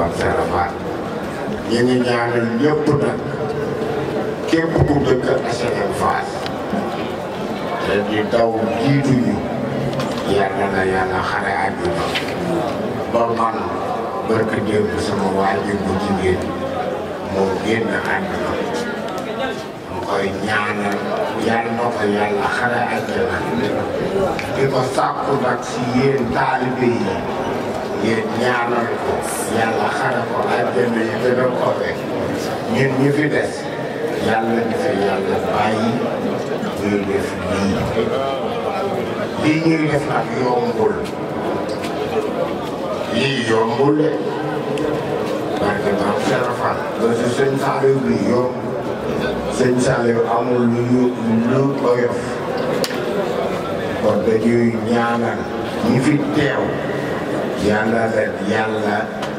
Mor Serap Fall ñu ngi ñaanal ñëpp nag képp ku dëkk HLM Fass te di daw jiitu ñu yàlla na yàlla xare àdduna ba man barka démb sama waajur bu jigéen moo génn àdduna mu koy ñaanal yàlla na ko yàlla xare ko sàkku nag si yéen taalibe yi yéen ñaanal ko yàlla àjjana yi gën a kowe ñun ñu fi des yàlla dafa yàlla bàyyi ñuy def lii lii ñuy def nag yombul lii yombul de barke maam Serafal loolu sëñ Saliou bi yomb sëñ Saliou amul lu ñu lu oyof kon dañuy ñaanal ñi fi teew yàlla leen yàlla